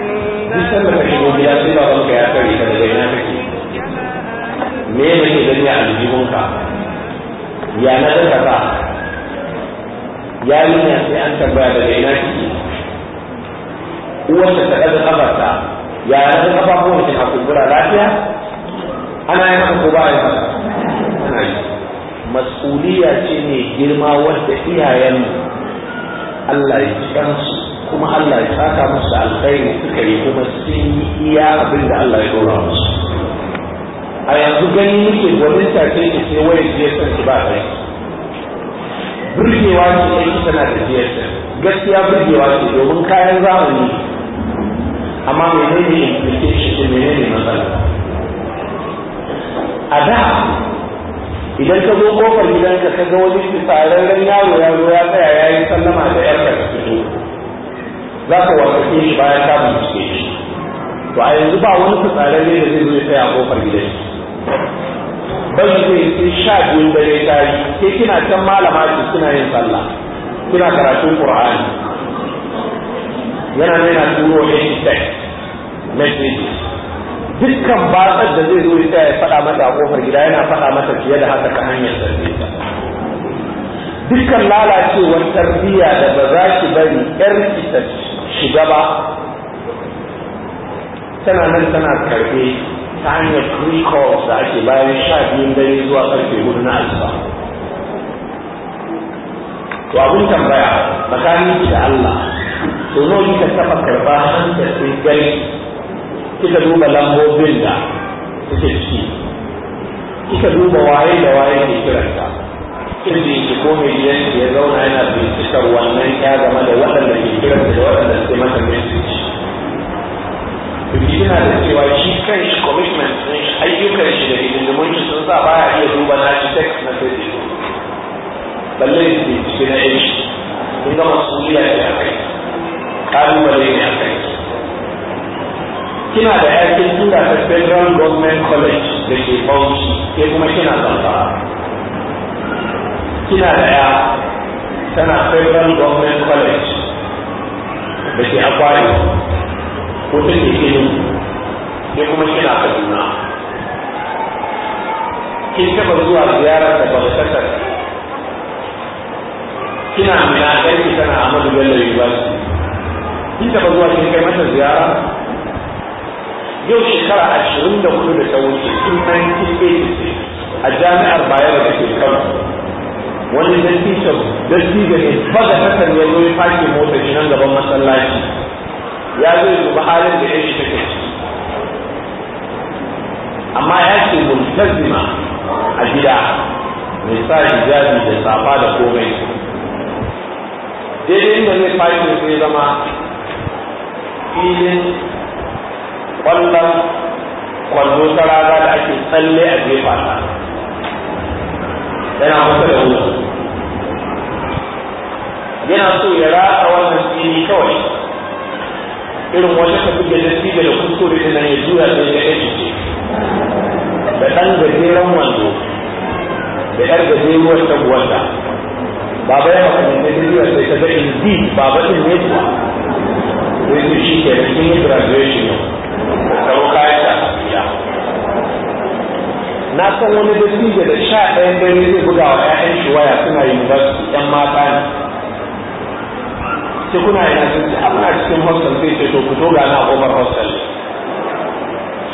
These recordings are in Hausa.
nisan da kashe gida sai ba banka ya kare ka daga ina kake me ne ke gani a aljihunka ya na da yi yarinya sai an tambaya daga ina kike uwarta ta ɗaga ƙafarta ya na da ƙafafun mutum a kumbura lafiya ana yin haka ko ba yin haka mas'uliya ce ne girma wadda iyayen Allah ya ci su. kuma Allah ya saka musu da alkhairi suka yi kuma sun yi iya abin da Allah ya dora musu a yanzu gani muke gwamnati ta ce ki sai wayar GSM su ba kai burgewa ce sai yi tana da GSM gaskiya burgewa ce domin kayan zamani amma ne menene implication ne matsala a da idan ka zo kofar gidanka ka ga wani fitsararren yaro ya zo ya tsaya ya yi sallama da yarka ka fito za ka warkake shi bayan ka bincike shi to a yanzu ba wani ne da zai zo ya tsaya kofar gidan shi bai zai sai sha biyun dare ta yi ke kina can malama ce kina yin sallah kina karatun qur'ani yana nuna turo ne shi text messages dukkan batsar da zai zo ya tsaya ya faɗa mata a kofar gida yana faɗa mata fiye da haka ta hanyar sarfe dukkan lalacewar tarbiyya da ba za ki bari yar ita shiga ba tana nan tana karbe ta hanyar calls da ake bayan sha biyun dare zuwa karfe hudu na alfa to abin tambaya tsakanin da Allah to zo kika saba karba da sai gari kika duba lambobin da suke ciki kika duba waye da waye ke kiranta kirji shi ko mai gidan ya zauna yana bincikar wannan ya game da waɗanda ke kiran da waɗanda suke masa message yana da cewa shi kan shi commitment ɗin ayyukan shi da hidindimun shi sun sa baya iya duba na shi text message balle su bincike na ɗin shi sun ne a kai ƙalubale ne a kai kina da yakin tura ta federal government college da ke bauchi ke kuma kina zamfara ina da ya tana federal government college da ke akwari ko ta ke ke ne kuma kina kaduna kin taba zuwa ziyarar da bakasar kina mina ɗanki tana amadu bello university kin taba zuwa kin kai mata ziyara yau shekara ashirin da hudu da ta wuce tun 1986 a jami'ar bayar da ke kano wani dattijan da ne da takan ya zo ya fashe mota shi nan gaban masallaci ya zo ya duba da ya shi take amma ya ce multazima a gida mai sa hijabi da safa da komai daidai inda zai fashe sai zama filin kwallon kwallo ta raga da ake tsalle a gefa yana kusa da wuta yana so ya ratsa wannan fili kawai irin wata tafi da nasi da kuskure da nan ya juya da ya kai ce da ɗan gajeren wando da ɗan gajeruwar tabuwanta baba ya haka ne da juya sai ta ga indi baba ɗin ne kuwa sai shi ke da cikin graduation na san wani dattijo da sha ɗayan dare zai buga wa 'ya'yan shi waya suna su ɗan mata ne sai kuna ina sun ce abuna cikin hostel sai ce to ku to gana a kofar hostel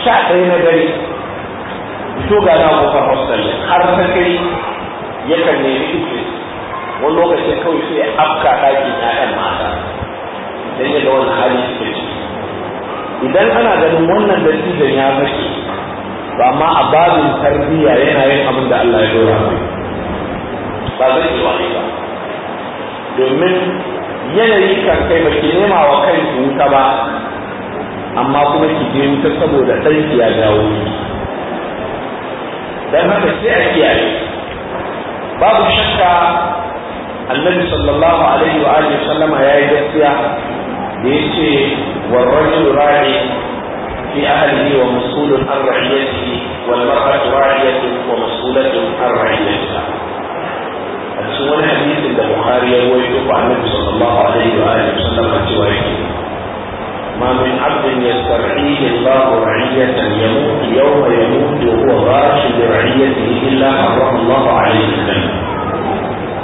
sha ɗaya na dare ku to gana a kofar hostel har ta kai yakan nemi ikwe wani lokacin kawai sai afka ɗakin 'ya'yan mata dan yadda wani hali suke ciki idan ana ganin wannan dattijan ya fashe ba ma a babin tarbiyya yana yin abin da Allah ya dora mai ba zai yi wani ba domin yanayi kan kai ba ki nema wa kai wuta ba amma kuma ki je wuta saboda tsarki ya dawo dan haka sai a kiyaye babu shakka annabi sallallahu alaihi wa alihi sallama yayi gaskiya da yace warrajul ra'i في أهله ومسؤول عن رعيته والمرأة راعية ومسؤولة عن رعيتها السؤال الحديث عند البخاري يروي عن النبي صلى الله عليه وآله وسلم أجوائه ما من عبد يسترعيه الله رعية يموت يوم يموت وهو غاش برعيته إلا حرم الله عليه الجنة.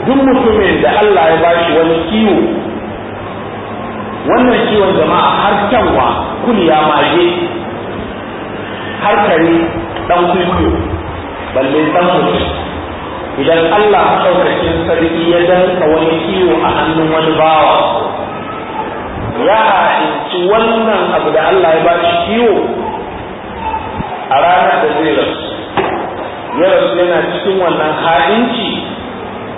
duk mutumin da Allah ya wannan ciwon jama'a har kyanwa kuliya mage har kare dan kuyo balle dan mutum idan Allah maɗaukakin sarki ya danka wani ciwo a hannun wani bawa ya ci wannan abu da Allah ya ba shi ciwo a ranar da zai rasu ya rasu yana cikin wannan halinci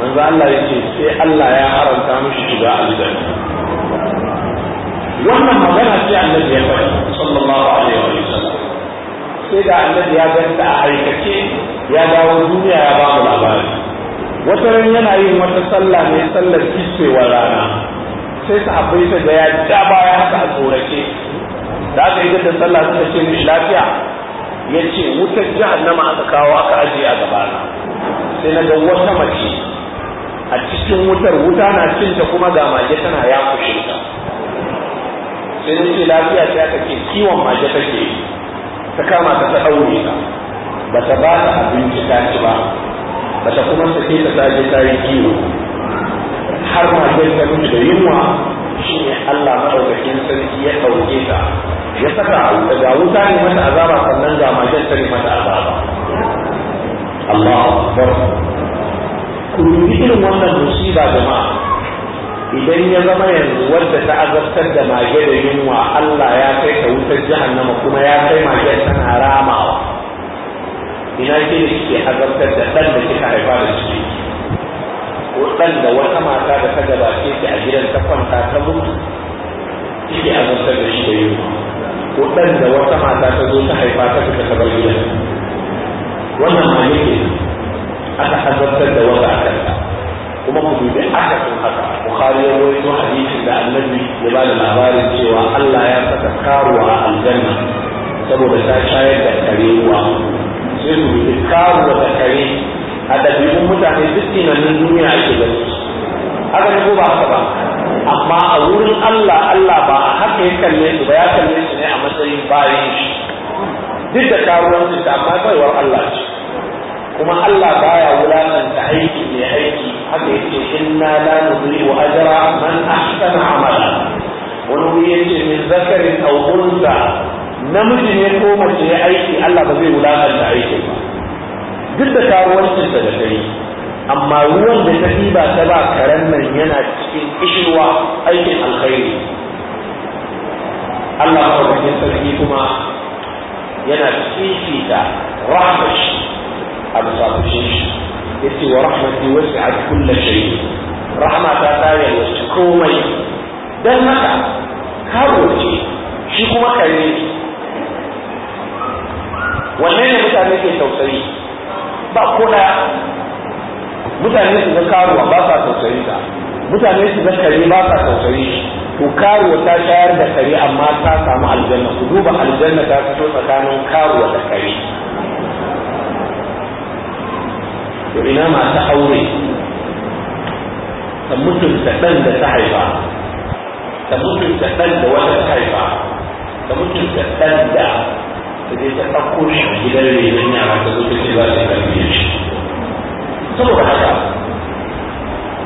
manzo Allah ya ce sai Allah ya haramta mishi shiga aljanna wannan magana ce annabi ya faɗi sallallahu alaihi wa sallam sai da annabi ya ganta a aikace ya dawo duniya ya ba mu labari wata ran yana yin wata sallah ne sallar kiswewa rana sai abai ta ga ya ja baya haka a tsorace da aka yi da sallah suka ce mishi lafiya ya ce wutar jahannama aka kawo aka ajiye a gabana sai na ga wata mace a cikin wutar wuta na cinta kuma ga mage tana ya kushe ta sai na ce lafiya ta kake kiwon mace kake ta kama ta ta ɗaure ta ba ta ba ta abinci ta ci ba ba ta kuma ta ta je ta yi kiwo har ma sai ta mutu da yunwa shi ne Allah maɗaukakin sarki ya ɗauke ta ya saka ga wuta ne mata azaba sannan ga mace ta ne mata azaba Allah akbar kun yi irin wannan musiba jama'a idan ya zama yanzu wadda ta azabtar da mage da yunwa Allah ya kai ka wutar jahannama kuma ya kai mage tana ramawa ina ke da ke azabtar da ɗan da kika haifa da shi ko ɗan da wata mata da ta gabace ki a gidan ta kwanta ta mutu kike azabtar da shi da yunwa ko ɗan da wata mata ta zo ta haifa ta fita ta bar gidan wannan ma yake aka azabtar da wata akan kuma ku dubi akasin haka bukhari ya rawaito hadisin da annabi ya ba da labarin cewa Allah ya saka karuwa a aljanna saboda ta shayar da kare ruwa sai su bi karuwa da kare a ɗabi'un mutane duk tunanin duniya ake gani haka ne ko ba haka ba amma a wurin Allah Allah ba a haka ya kalle su ba ya kalle su ne a matsayin bayan shi duk da karuwanci ta amma baiwar Allah ce kuma Allah baya wulakanta aiki mai aiki haka yake inna la nudhi'u ajra man ahsana amala wani wuri yace min zakarin aw unsa namiji ne ko mace ya aiki Allah ba zai da aiki ba duk da karuwancin da kai amma ruwan da ta ba ta ba karen yana cikin kishirwa aikin alkhairi Allah ba mafarkin sarki kuma yana fifita rahmashi a bisa shi yace wa rahmati wasi'at kulli shay rahma ta tare da komai dan haka ka roki shi kuma kare wannan ne mutane ke tausayi ba ko da mutane su ga karuwa ba sa tausayi ta mutane su ga kare ba sa tausayi to karuwa ta tayar da kare amma ta samu aljanna ku duba aljanna ta fito tsakanin karuwa da kare وإلى ما تحوري تمسل تبند تحيبا تمسل تبند ولا تحيبا تمسل تبند فدي تفكر جدال لي من نعمة تدوت الإبادة الكبيرش صلوا بحاجة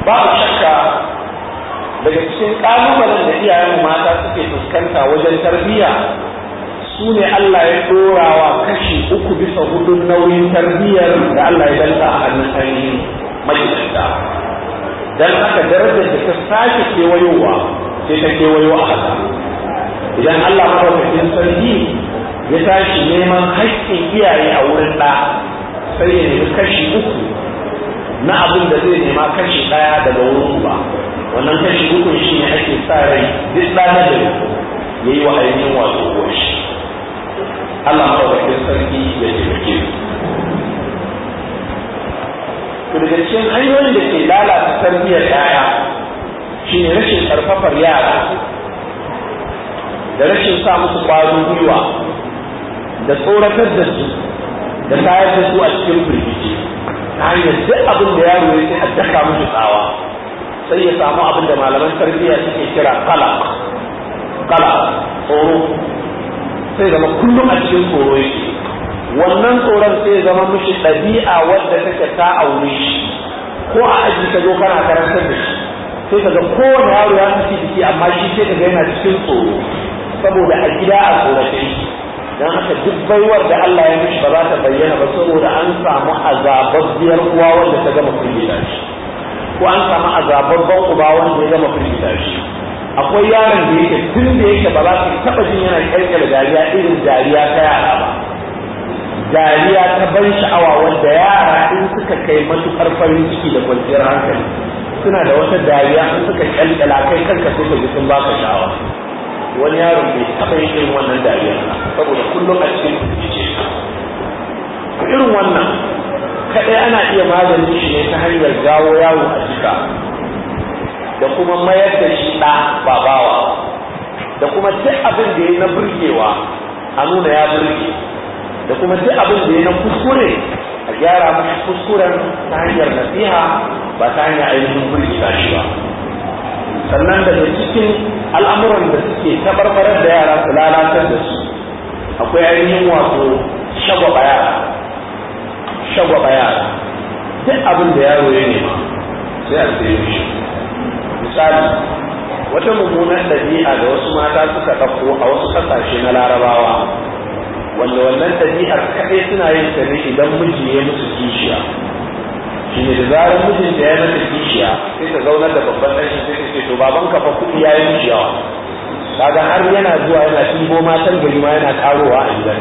بعض الشكة بجد الشيء قالوا بلن نبي عنه ما تاتكي تسكنت وجل تربية su ne Allah ya dora kashi uku bisa hudu nauyin tarbiyyar da Allah ya danta a hannun sanyi majalisanta dan haka darajar da ta sake kewayowa sai ta kewayo a haka idan Allah madaukakin sarki ya tashi neman haƙƙin iyaye a wurin ɗa sai ya nemi kashi uku na abin da zai nema kashi ɗaya daga wurin ba wannan kashi uku shi ne ake sa rai duk ɗa na da ya yi wa ainihin wato uwar Allah madaukakin sarki ke taimake su daga cikin hanyoyin da ke lalata tarbiyyar yaya shine rashin karfafar yara da rashin sa musu ƙwarin gwiwa da tsoratar da su da tayar da su a cikin firgici ta hanyar duk abin da yaro ya ce a daka musu tsawa sai ya samu abin da malaman tarbiyya suke kira kala kala tsoro sai zama kullum a cikin tsoro yake wannan tsoron sai zama mishi ɗabi'a wadda take ta aure shi ko a aji ka zo kana karantar da shi sai ka ga kowane yaro ya fi jiki amma shi sai ka ga yana cikin tsoro saboda a gida a tsorace don haka duk baiwar da Allah ya mishi ba za ta bayyana ba saboda an samu azababbiyar uwa wanda ta gama firgita shi ko an samu azababban uba wanda ya gama firgita shi akwai yaron da yake tun da yake ba za su taɓa jin yana kyalkyala dariya irin dariya ta yara ba dariya ta ban sha'awa wanda yara in suka kai matuƙar farin ciki da kwanciyar hankali suna da wata dariya in suka kyalkyala kai kanka sai ka ji sun ka sha'awa wani yaron bai taɓa yin irin wannan dariya saboda kullum a cikin ce irin wannan kaɗai ana iya maganin shi ne ta hanyar gawo yawo a jika da kuma mayar da shi ɗa ba bawa da kuma duk abin da ya na burgewa a nuna ya burge da kuma duk abin da ya na kuskure a gyara mashi kuskuren ta hanyar nasiha ba ta hanyar ainihin burge ta shi ba sannan daga cikin al'amuran da suke tabarbarar da yara su lalatar da su akwai ainihin wato shagwaba yara shagwaba yara duk abin da yaro ya nema sai a tsaye shi misali wata mummunar ɗabi'a da wasu mata suka ɗauko a wasu ƙasashe na larabawa wanda wannan ɗabi'ar kaɗai suna yin ta idan miji ya musu kishiya shi ne da zarar mijin da ya mata kishiya sai ta zaunar da babban ɗan shi sai ta ce to baban ka kuɗi ya yi mishi yawa kaga har yana zuwa yana ɗibo matan gari ma yana karowa a gidan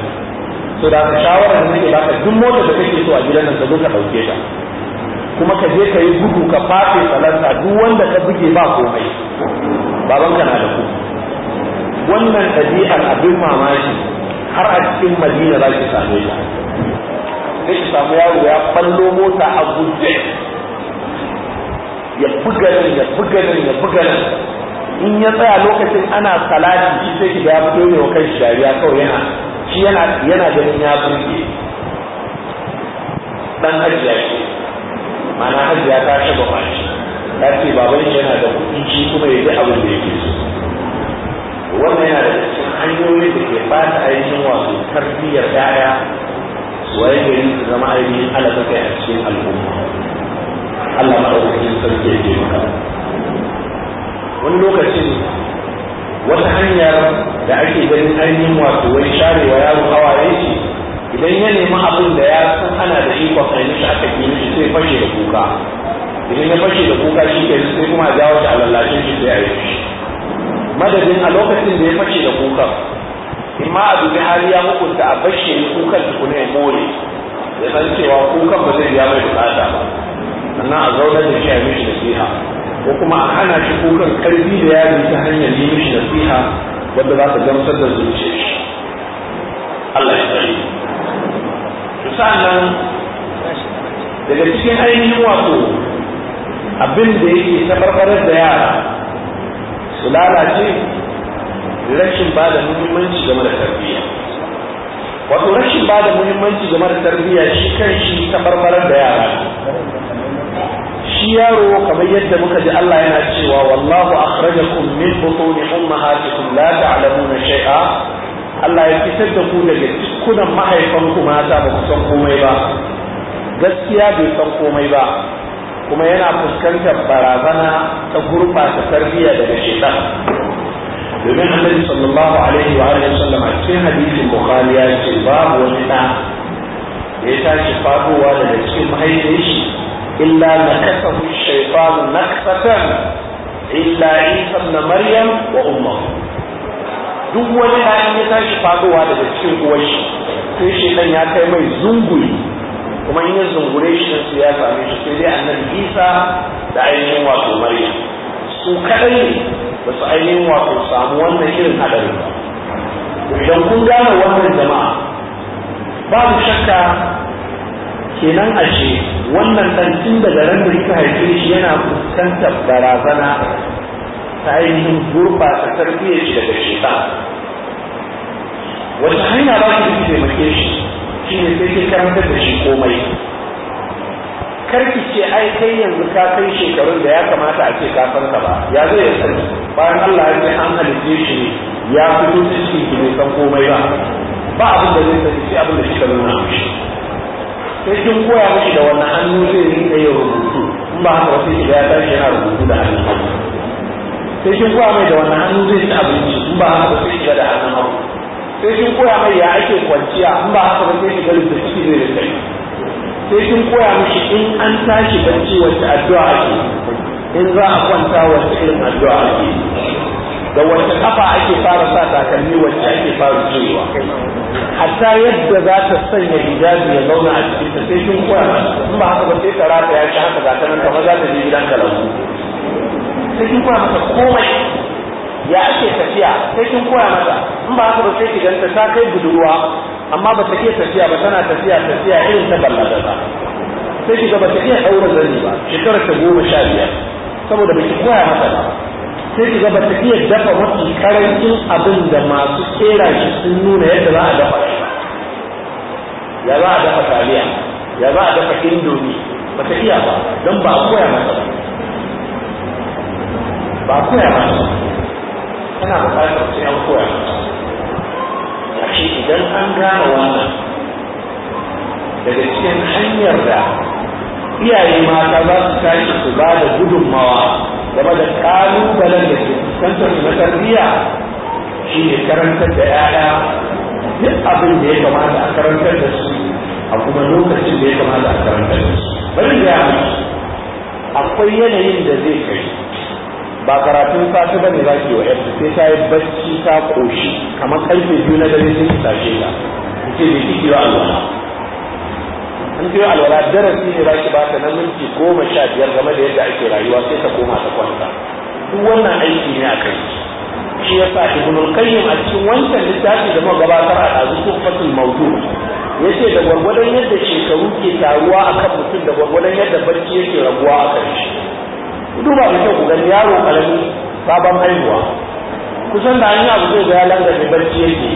to da ka shawara da nake baka duk motar da kake so a gidan nan ka zo ka ɗauke ta kuma ka je ka yi gudu ka fafe salanta duk wanda ka buge ba komai baban ka na da ku wannan ɗabi'ar abin mamaki har a cikin madina za ki same ta sai ki samu yaro ya ballo mota a guje ya buga nan ya buga nan ya buga nan in ya tsaya lokacin ana salati shi sai ki ga ya fito ne wa kan shari'a kawai yana shi yana yana ganin ya burge dan hajiya shi mana hajiya ta taba mashi ta ce baban shi yana da kuɗi shi kuma ya ji abin da yake so wannan yana da cikin hanyoyi da ke ba ainihin wasu tarbiyyar ɗaya waye gari su zama ainihin alaƙa kai a cikin al'umma Allah maɗaukakin sarki ya ke maka wani lokacin wata hanyar da ake ganin ainihin wato wani sharewa yaro hawaye ce idan ya nemi abin da ya san ana da ikon ainihin aka yi mishi sai fashe da kuka idan ya fashe da kuka shi ke sai kuma a jawo shi a lallashin shi sai a yi shi madadin a lokacin da ya fashe da kuka in ma a dubi hali ya hukunta a fashe ni kukan tukuna ya more ya san cewa kukan ba zai biya mai bukata ba sannan a zaunar da shi a mishi nasiha ko kuma a hana shi kukan karfi da yari ta hanyar yi mishi nasiha wanda za ta gamsar da zuciyar shi Allah ya tsare sa'annan daga cikin ainihin wato abin da yake tabarbarar da yara su lalace rashin ba da muhimmanci game da tarbiyya wato rashin ba da muhimmanci game da tarbiyya shi kan shi tabarbarar da yara shi yaro kamar yadda muka ji Allah yana cewa wallahu akhrajakum min butuni ummahatikum la ta'lamuna shay'a Allah ya fitar da ku daga cikunan mahaifanku mata ba ku san komai ba gaskiya bai san komai ba kuma yana fuskantar barazana ta gurɓata tarbiyya daga shaitan domin annabi sallallahu alaihi wa alihi wasallam a cikin hadisin bukhari ya ce babu wani da ya tashi fadowa daga cikin mahaifin shi illa nakasahu shaytanu nakasatan illa isa na maryam wa umma. duk wani yayan ya tashi fadowa daga cikin uwar shi sai shi dan ya kai mai zunguri kuma in zungure shi su ya same shi sai dai annabi Isa da ainihin wato Maryam su kadai ne ba su ainihin wato samu wannan irin hadarin ba idan kun gane wannan jama'a babu shakka kenan ashe wannan dan tun daga ran da kika haife shi yana fuskantar barazana ta ainihin gurbata tarbiyyar shi daga shekara wata hanya ba ki taimake shi shi ne sai ke karantar da shi komai karki ce ai kai yanzu ka kai shekarun da ya kamata a ce ka farka ka ba ya zai ya sani bayan Allah ya an halitta shi ne ya fito cikin ki bai san komai ba ba abin da zai sani sai abin da kika nuna shi sai kin koya mashi da wannan hannu zai rinka yin rubutu in ba haka wasu ya tashi yana rubutu da hannu sai shi kuwa mai da wannan hannu zai ci abinci in ba haka sai shiga da hannun hau. sai shi koya mai ya ake kwanciya in ba haka ba sai shiga da ciki zai da yi sai shi koya mishi in an tashi bacci wacce addu'a ake in za a kwanta wacce irin addu'a ake da wacce kafa ake fara sa takalmi wacce ake fara cewa hatta yadda za ta sanya hijabi ya zauna a cikin ta sai shi koya in ba haka ba sai ta rata ya ci haka za ta nan kama za ta je gidan kalamu sai kin koya masa komai ya ake tafiya sai kin koya masa in ba haka ba sai ki ganta ta kai budurwa amma ba ta ke tafiya ba tana tafiya tafiya irin ta ballagaza sai ki ga ba ta iya daura zani ba shekarar ta goma sha biyar saboda ba ki koya masa ba sai ki ga ba ta iya dafa mafi karancin abin da masu kera shi sun nuna yadda za a dafa shi ya za a dafa taliya ya za a dafa indomi ba ta iya ba don ba a koya masa ba ba ku ya ba tana bukatar sai an koya a shi idan an gane wannan daga cikin hanyar da iyaye mata za su tashi su ba da gudunmawa game da ƙalubalen da ke fuskantar su na tarbiyya shi ne karantar da 'ya'ya duk abin da ya kamata a karantar da su a kuma lokacin da ya kamata a karantar da su bari da akwai yanayin da zai kai ba karatun safe ba ne za ki wa yarki sai ta yi bacci ta koshi kamar karfe biyu na dare sai ki tashe ta ki ce da kiki wa alwala an ce alwala darasi ne za ki ta na minti goma sha biyar game da yadda ake rayuwa sai ta koma ta kwanta duk wannan aiki ne a kai shi ya sa ibnul qayyim a cikin wancan littafi da muka gabatar a ɗazu fasil mawdu ya ce da gwargwadon yadda shekaru ke taruwa akan mutum da gwargwadon yadda barci yake raguwa a kan duba da kyau ku gani yaro karami sabon haihuwa kusan da an yi abu zai gaya ya da barci yake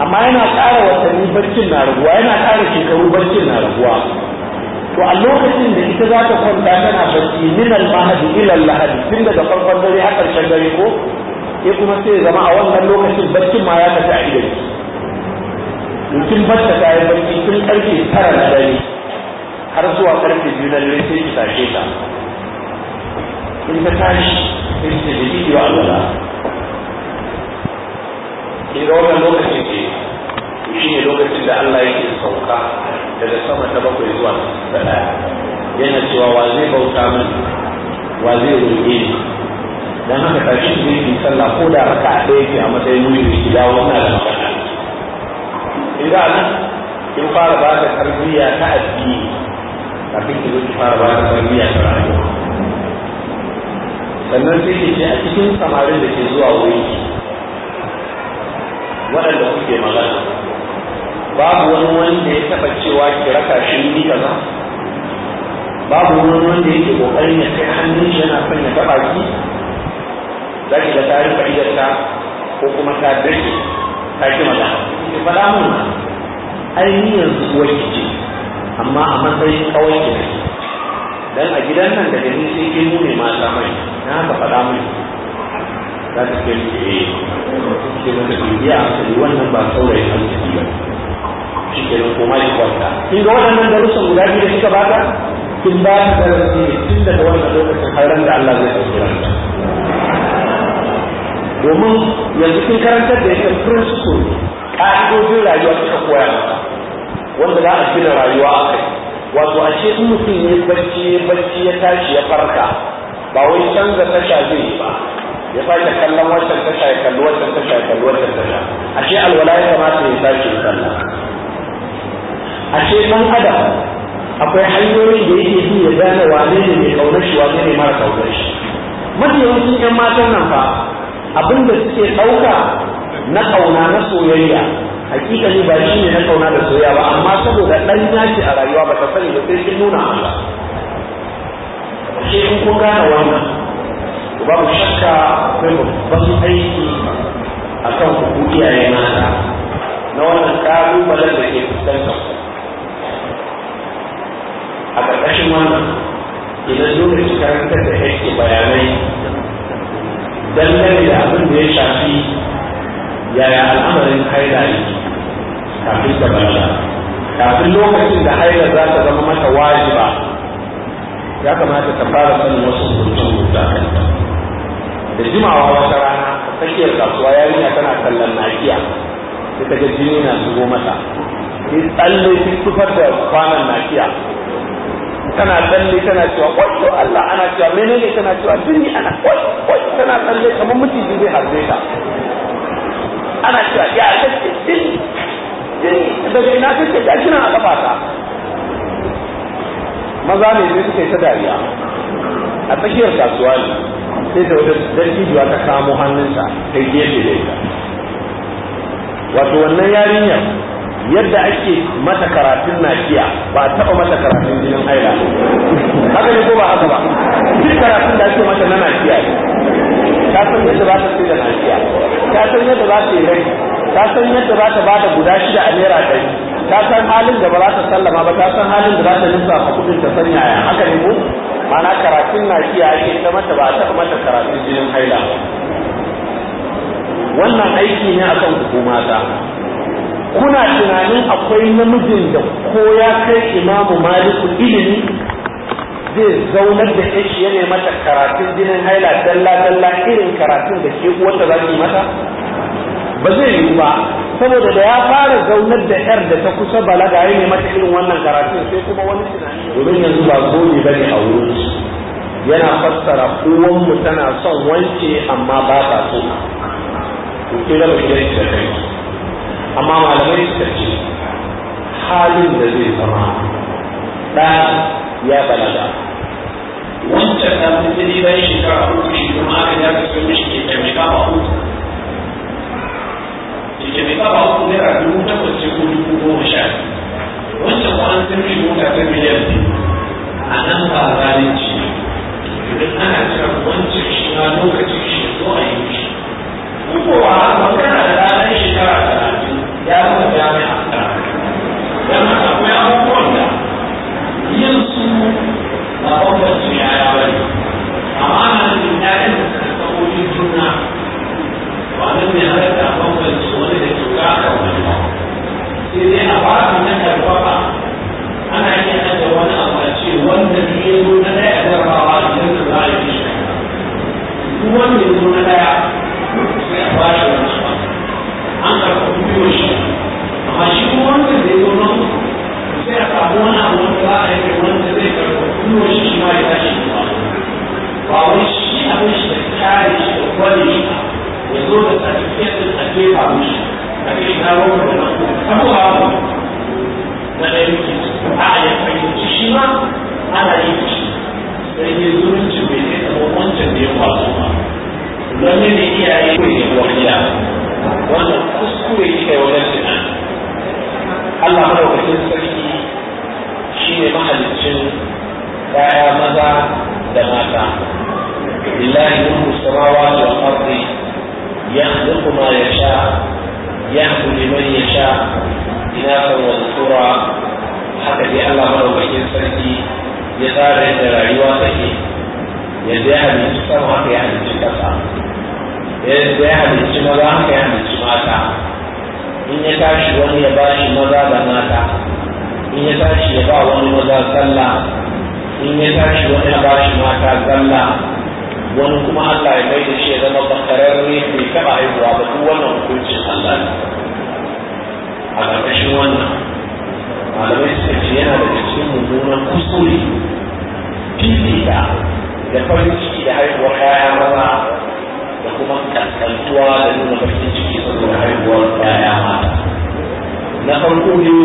amma yana ƙara watanni barcin na raguwa yana ƙara shekaru barcin na raguwa to a lokacin da ita za ta kwanta tana barci min al-mahadi ila lahadi tun daga farkon dare har ƙarshen dare ko ya kuma sai ya zama a wannan lokacin barcin ma ya tafi a idan mutum barta ta barci tun ƙarfe tara na dare har zuwa karfe biyu na dare sai ki ta in ta tashi sai su da wannan lokacin to shi ne lokacin da Allah yake sauka daga sama ta bakwai zuwa ta daya yana cewa wa zai bauta min wa zai roƙe ni dan haka tashi zai yi sallah ko da raka ɗaya ke a matsayin ki dawo ina da magana in ga nan kin fara ba ta tarbiyya ta addini kafin ki zo ki fara ba ta tarbiyya ta rayuwa sannan sai ke a cikin samarin da ke zuwa wuri waɗanda kuke magana babu wani wanda ya taɓa cewa ki raka shi ni kaza babu wani wanda yake kokarin ya kai hannun shi yana son ya taɓa ki za ki ga tarin fa'idarta ko kuma ta dirke ta ki magana ki faɗa mun ai ni yanzu uwar ki ce amma a matsayin kawai ki ne dan a gidan nan da ni sai ke mu ne ta mai na haka faɗa mai da ta ce ce eh, ke nan da bibiya a yi wannan ba an arziki ba shi ke nan koma ya kwanta kin ga wannan darussan guda biyu da suka baka kin ba ta da ne tun daga wannan lokacin har da Allah zai ɗauki ranta domin yanzu kin karantar da ita principle ƙa'idojin rayuwa suka koya maka wanda za a gina rayuwa a kai wato ashe in mutum ya barci barci ya tashi ya farka ba wai canza tasha zai yi ba ya sake kallon wancan tasha ya kalli wancan tasha ya kalli wancan tasha ashe alwala ya kamata ya sake sallah ce dan adam akwai hanyoyin da yake bi ya gane wane ne mai kaunar shi wane ne mara kaunar shi mafi yawancin yan matan nan fa abinda suke ɗauka na ƙauna na soyayya hakikani ba shi ne na kauna da soya ba amma saboda dan yaki a rayuwa ba ta sani ba sai sun nuna Allah shi in kun gane wannan to babu shakka ba babban aiki a kan ku iyaye mata na wannan kalubalen da ke fuskantar a ƙarƙashin wannan idan dole su karantar da yake bayanai dangane da abin da ya shafi yaya al'amarin haila ne kafin ta balaga kafin lokacin da haila za ta zama mata wajiba ya kamata ta fara sanin wasu hukuncin da kanta da jimawa wata rana a tsakiyar kasuwa yarinya tana kallon nakiya sai ta ga jini na shigo mata sai tsalle sai tufar da kwanan nakiya tana tsalle tana cewa wato Allah ana cewa menene tana cewa jini ana wato tana tsalle kamar mutum zai harbe ta ana cewa ya kake din jini daga ina kake ga kina a kafa ta maza ne ne suke ta dariya a tsakiyar kasuwa ne sai da wata dattijuwa ta samu hannunsa ta gefe da ita wato wannan yarinyar yadda ake mata karatun nakiya ba a taɓa mata karatun jinin haila haka ne ko ba haka ba duk karatun da ake mata na nakiya ne ta yadda za ta sayar da ta san yadda za ta yi rai ta san yadda za ta bada guda shida a naira ɗari ta san halin da ba za ta sallama ba ta san halin da za ta a kuɗin ta sanya ya haka ne mu mana karatun na a ake ta mata ba a taɓa mata karatun jinin haila wannan aiki ne akan hukuma ta kuna tunanin akwai namijin da ko ya kai imamu maliku ilimi zai zaunar da shi ya mata karatun jinin haila dalla dalla irin karatun da ke uwarta za ki mata ba zai yiwu ba saboda da ya fara zaunar da yar da ta kusa balaga ya mata irin wannan karatun sai kuma wani tunani domin yanzu ba gobe bane a wurin yana fassara mu tana son wance amma ba ta so to amma malamai suka ce halin da zai zama ɗaya ya balaga wancan ta mutu bayan shekara uku shi kuma aka ya ka sai mishi ke mai kafa uku ke mai kafa uku naira dubu takwas ce ko dubu goma sha wancan ko an mota ta miliyan biyu a nan ba zalunci domin ana jiran wancan shi lokacin shi zo a yi mishi ko kuwa magana ranar shekara talatin ya zama Apa yang dia lakukan? Amalan yang dia lakukan.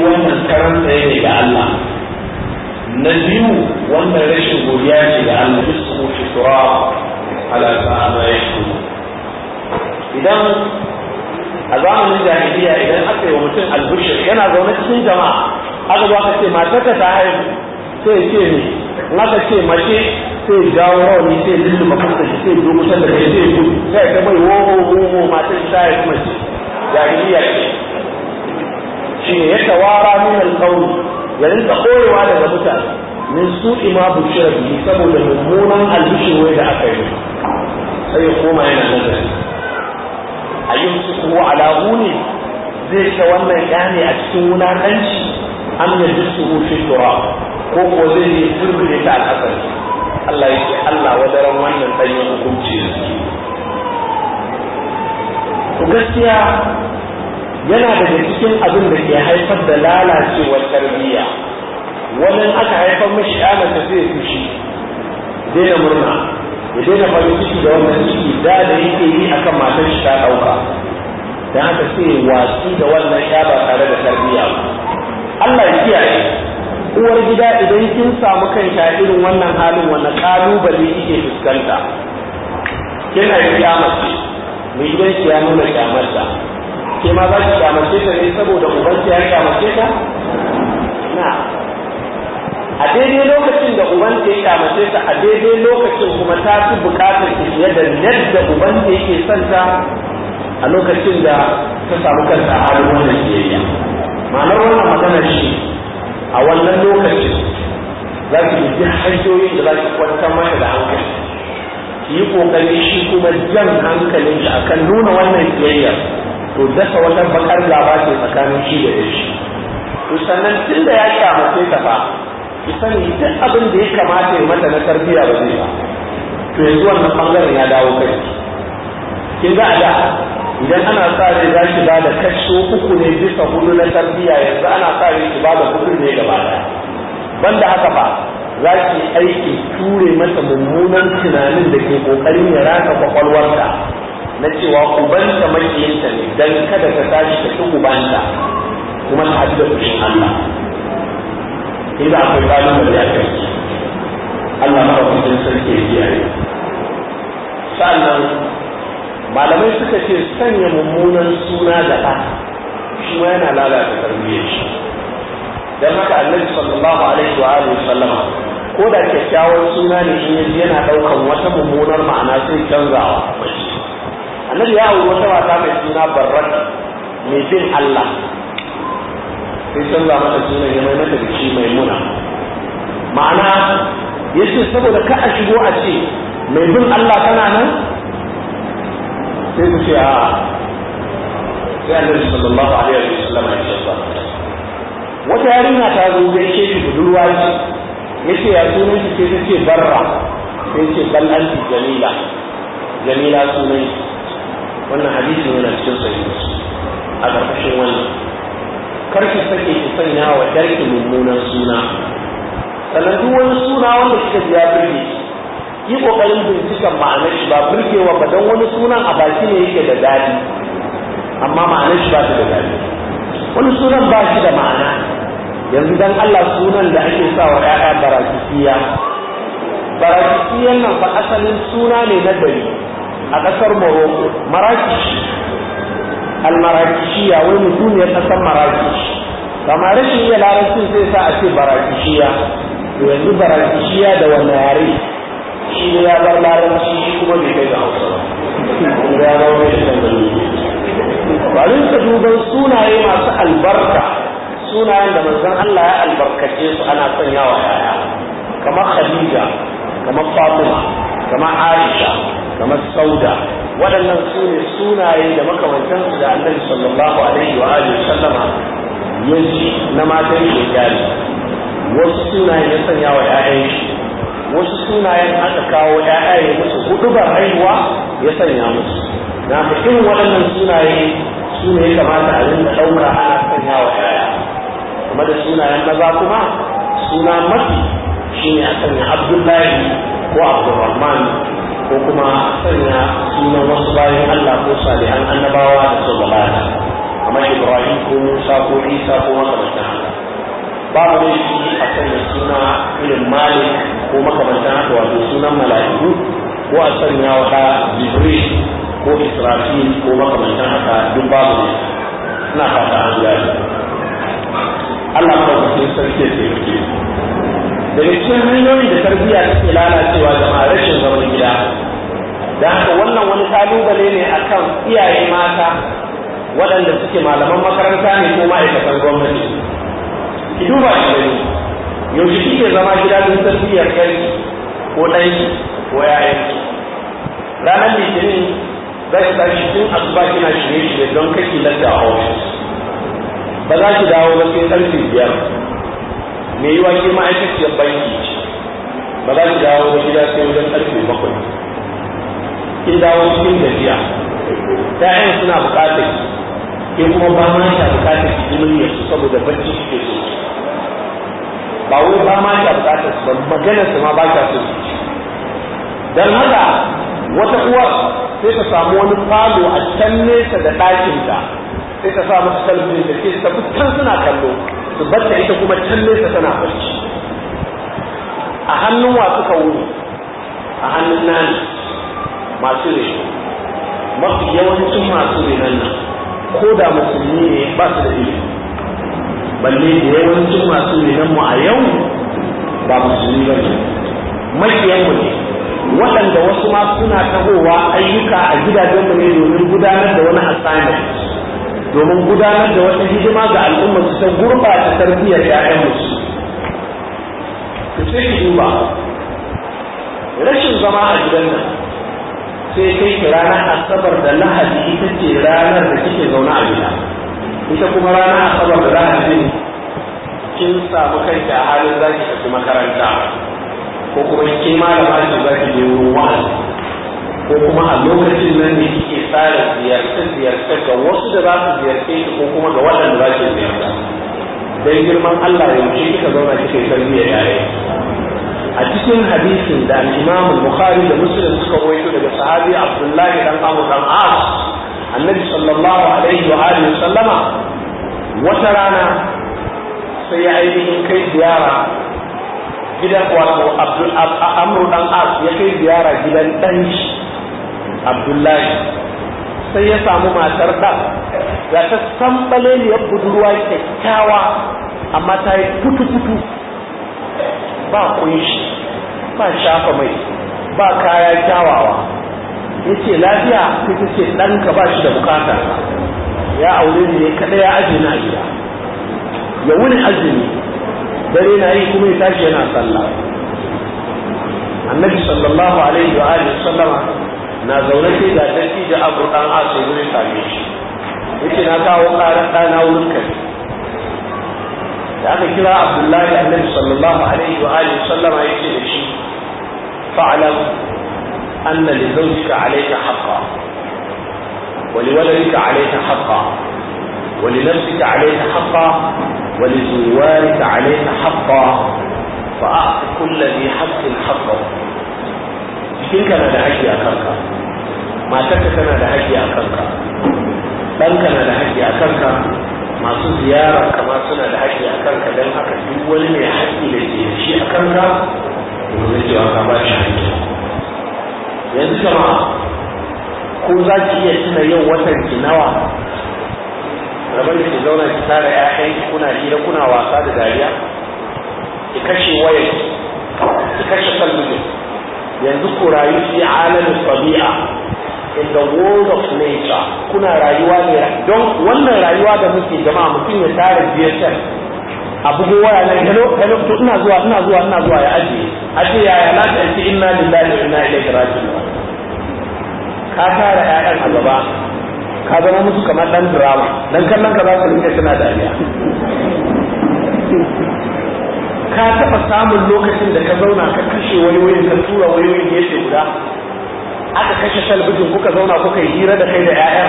wannan karan tsaye ne ga Allah na biyu wannan rashin godiya ce ga Allah bisu shukura ala sa'ama ya idan a zamanin jahiliya idan aka yi wa mutum albishir yana zaune cikin jama'a aka zo aka ce matarka ta haihu sai ce ne in aka ce mace sai jawo rauni sai lullu mafarka shi sai dokutar da kai sai gudu sai ta mai wo wo wo matar ta haihu mace jahiliya ce shi ne ya tawara min alƙawli ya rinka koyewa daga mutane min su ima bushira saboda mummunan albishir wai da aka yi sai ya koma yana nazari a yin kuwa alaƙu ne zai ta wannan gane a cikin wulaƙanci an yadda su fi tura ko ko zai yi turbine ta al'asar Allah ya ce Allah wadaran wannan ɗanyen hukunci ku gaskiya yana daga cikin abin da ke haifar da lalacewar tarbiyya wannan aka haifar mashi mace zai fushi da murna ya da farin ciki da wannan ciki da da yake yi akan matar shi ta dauka dan haka sai watsi da wannan ya tare da tarbiyya Allah ya kiyaye uwar gida idan kin samu kanka irin wannan halin wannan kalubale kike fuskanta kina kiyamace mai gidan ki ya nuna kyamarta ke ma za ki kyamace ta ne saboda ubanki ya kyamace ta na a daidai lokacin da ubanta ya kyamace ta a daidai lokacin kuma ta fi bukatar ki fiye da yadda ubanta yake son ta a lokacin da ta samu kanta a halin wannan biyayya ma'anar wannan magana shi a wannan lokacin za ki bi hanyoyin da za ki kwantar mata da hankali ki yi kokari shi kuma jan hankalin shi akan nuna wannan biyayya to dasa wata bakar gaba ce tsakanin shi da shi to sannan tun da ya sai ta fa ki sani duk abin da ya kamata ya mata na tarbiyya ba zai ba to yanzu wannan bangaren ya dawo kai Ki ga da idan ana sa rai za shi ba da kaso uku ne bisa hudu na tarbiyya yanzu ana sa rai shi ba da hudu ne gaba daya banda haka ba za ki aiki ture masa mummunan tunanin da ke kokarin ya raka kwakwalwarta na cewa ubanta makiyinta ne don kada ka tashi ta ci ubanta kuma ta haɗu da fushin Allah inda akwai a kai Allah maɗaukakin sarki ya kiyaye sannan malamai suka ce sanya mummunan suna da ɗa shi ma yana lalata tarbiyyar shi don haka annabi sallallahu alaihi wa alihi sallama ko da kyakkyawan suna ne in yanzu yana ɗaukan wata mummunar ma'ana sai canzawa annabi ya auri wata mata mai suna barrak mai bin Allah sai sallah mata suna ya mai mata biki mai muna ma'ana yace saboda ka a shigo a ce mai bin Allah tana nan sai ku ce a sai annabi sallallahu alaihi wa sallam ya ce wata yarinya ta zo ya ce ki budurwa ce yace ya sunan ki sai ta ce barra sai ce bal anti jamila jamila sunan ki wannan hadisi yana cikin sai a ƙarƙashin wannan karki sake ki sanya wa darki mummunan suna sannan duk wani suna wanda kika ji ya birge yi kokarin bincikan ma'anar shi ba birgewa ba don wani sunan a baki ne yake da daɗi amma ma'anar shi ba su da daɗi wani sunan ba shi da ma'ana yanzu dan Allah sunan da ake sa wa ƴaƴa barakisiya barakisiyan nan fa asalin suna ne na dari a ƙasar morocco marrakesh wani wai mutumiyar ƙasar marrakesh kama rashin iya larabci zai sa a ce barakishiya to yanzu barakishiya da wani yare shi ne ya bar larabci shi kuma bai kai ga hausa ba ya zama Ba shan bari ka duban sunaye masu albarka sunayen da manzon Allah ya albarkace su ana sanyawa yaya kamar Khadija kamar Fatima kamar aisha kamar sauda waɗannan su ne sunaye da su da annabi sallallahu alaihi wa alihi sallama ya na matan da iyali wasu sunayen ya sanya wa 'ya'yan shi wasu sunayen aka kawo 'ya'yan ya musu hudu ba haihuwa ya sanya musu na irin waɗannan sunaye su ne ya kamata a rinka ɗaura ana sanya wa 'ya'ya kuma da sunayen maza kuma suna mafi shi ne a sanya abdullahi ko abdurrahman ko kuma sanya sunan wasu bayan allah ko salihan annabawa da su da kamar ibrahim ko musa ko isa ko makamantan haka mu ne shi a sanya suna irin malik ko makamantan haka wato sunan mala'iku ko a sanya wata jibril ko israfil ko makamantan haka duk babu ne suna fata an gaji Allah kuma sarki ya taimake Da cikin hanyoyi da tarbiyya take lalacewa jama'a rashin zaman gida da haka wannan wani kalubale ne akan iyaye mata waɗanda suke malaman makaranta ne ko ma'aikatan gwamnati ki duba shi gani yaushe kike zama gida don tarbiyyar kai ko ɗanki ko yayanki ranar litinin za ki tashi tun asuba kina shirye-shirye don kake lantarki a ofis ba za ki dawo ba sai karfe biyar me yi shi ma'aikaciyar banki ba za su dawo ba gida sai wajen karfe bakwai kin dawo cikin gajiya ta'yan suna buƙatar ki kuma ba ma ta buƙatar ki jimiliyar su saboda su ke so ba wai ba ma ta buƙatar su ba magana su ma ba ta so dan haka wata uwar sai ta samu wani falo a can nesa da ta sai ta sa masa talabijin da ke can suna kallo su ita kuma can nesa tana barci a hannun wa suka wuni a hannun nani masu ne, mafi yawancin masu ne nan ko da musulmi ne ba su da ilimi balle da yawancin masu ne nan mu a yau ba musulmi ba ne makiyanmu ne waɗanda wasu ma suna tahowa ayyuka a gidajenmu ne domin gudanar da wani assignment domin gudanar da wata hidima ga al'umma su ta gurɓata tarbiyyar ƴaƴan musu ku ce ki duba rashin zama a gidan nan sai kai ki ranar asabar da lahadi ita ce ranar da kike zaune a gida ita kuma ranar asabar da lahadi ne kin samu kanki a halin zaki tafi makaranta ko kuma ke malama ki zaki je wurin wa'azi ko kuma a lokacin nan ne kike tsara ziyarce-ziyarce ga wasu da za su ziyarce ki ko kuma ga waɗanda za su ziyarta dan girman Allah ya wuce kika zauna kike tarbiyya yare a cikin hadisin da al-Imam Bukhari da Muslim suka rawaito daga sahabi Abdullahi dan Amr dan As Annabi sallallahu alaihi wa alihi sallama wata rana sai ya ainihin kai ziyara gidan wato Abdul Amr dan As ya kai ziyara gidan danci abdullahi sai ya samu matar ɗan ga ta ya budurwa kyakkyawa amma ta yi kutu-kutu ba kunshi ba shafa mai ba kaya kyawawa ya ce lafiya sai ta ce ɗanka ba shi da bukata ya aure ne kaɗai ya ajiye na gida ya wuni azumi dare na yi kuma ya tashi yana sallah annabi sallallahu alaihi wa sallama na zaune sai da sarki da abu dan asu wurin same shi yake na kawo ƙarar ɗana wurin kai da aka kira abdullahi annabi sallallahu alaihi wa alihi sallama yake da shi fa'alam anna li zawjika alayka haqqan wa li waladika alayka haqqan wa li nafsika alayka haqqan wa li zuwarika alayka haqqan fa'ati kulli dhi haqqin haqqahu jikinka na da haƙƙi a kanka matarka tana da haƙƙi a kanka ɗanka na da haƙƙi a kanka masu ziyara kama suna da haƙƙi a kanka don haka duk wani mai haƙƙi da ke shi a kanka zai ke ka ba shi haƙƙi yanzu kama ko za ki iya tuna yau watan ki nawa rabar da ki zauna ki tara 'ya'yanki kuna hira kuna wasa da dariya ki kashe wayar ki kashe talbijin yanzu ku rayu shi alamin tabi'a in the world of nature kuna rayuwa ne don wannan rayuwa da muke jama'a mutum ya tare biyar a bugu waya nan hello hello to ina zuwa ina zuwa ina zuwa ya ajiye aje ya ya na ta ce inna lillahi wa inna ilaihi raji'un ka tara ƴaƴan a gaba ka zama musu kamar dan drama dan kallon ka za su rinka suna dariya ka taɓa samun lokacin da ka zauna ka kashe wayoyin ka tura wayoyin gefe guda aka kashe talbijin kuka zauna kuka yi hira da kai da 'ya'ya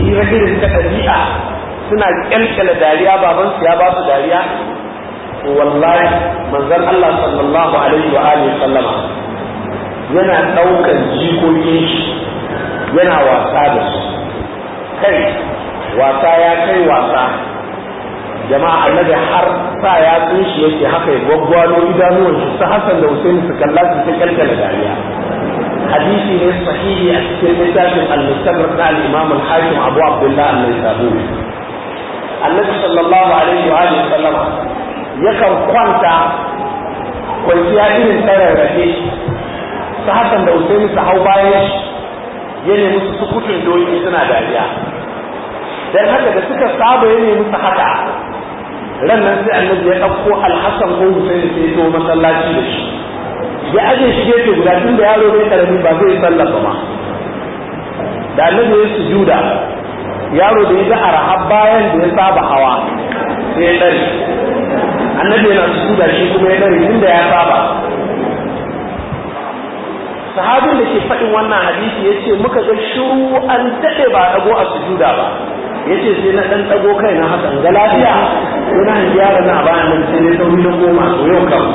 hira irin ta ɗabi'a suna kyalkyala dariya babansu ya ba su dariya wallahi manzon Allah sallallahu alaihi wa alihi sallama yana ɗaukar jikokin shi yana wasa da su kai wasa ya kai wasa jama'a annabi har sa ya tsinshi yake haka ya gwaggwano idanuwan shi su hasan da husaini su kalla su ta kalkala dariya hadisi ne sahihi a cikin littafin al-mustadrak da al-imam al-hakim abu abdullah al-naisaburi annabi sallallahu alaihi wa alihi sallama yakan kwanta kwanciya irin tsararrake su hasan da husaini su hau bayan shi ya nemi su sukutun doyi suna dariya dan haka da suka saba ya nemi su haka nan sai annabi ya ɗauko alhassan ko husaini sai ya masallaci da shi ya aje shi gefe guda tun da yaro bai karami ba zai sallafa ma da annabi ya sujuda yaro da ya ga arha bayan da ya saba hawa sai ya ɗari annabi yana sujuda shi kuma ya ɗari tun da ya saba sahabin da ke faɗin wannan hadisi ya ce muka ga shiru an daɗe ba a ɗago a sujuda ba yace sai na dan dago kai na haka ga lafiya to na hanji yaro na ba nan sai ne don na goma so yau kam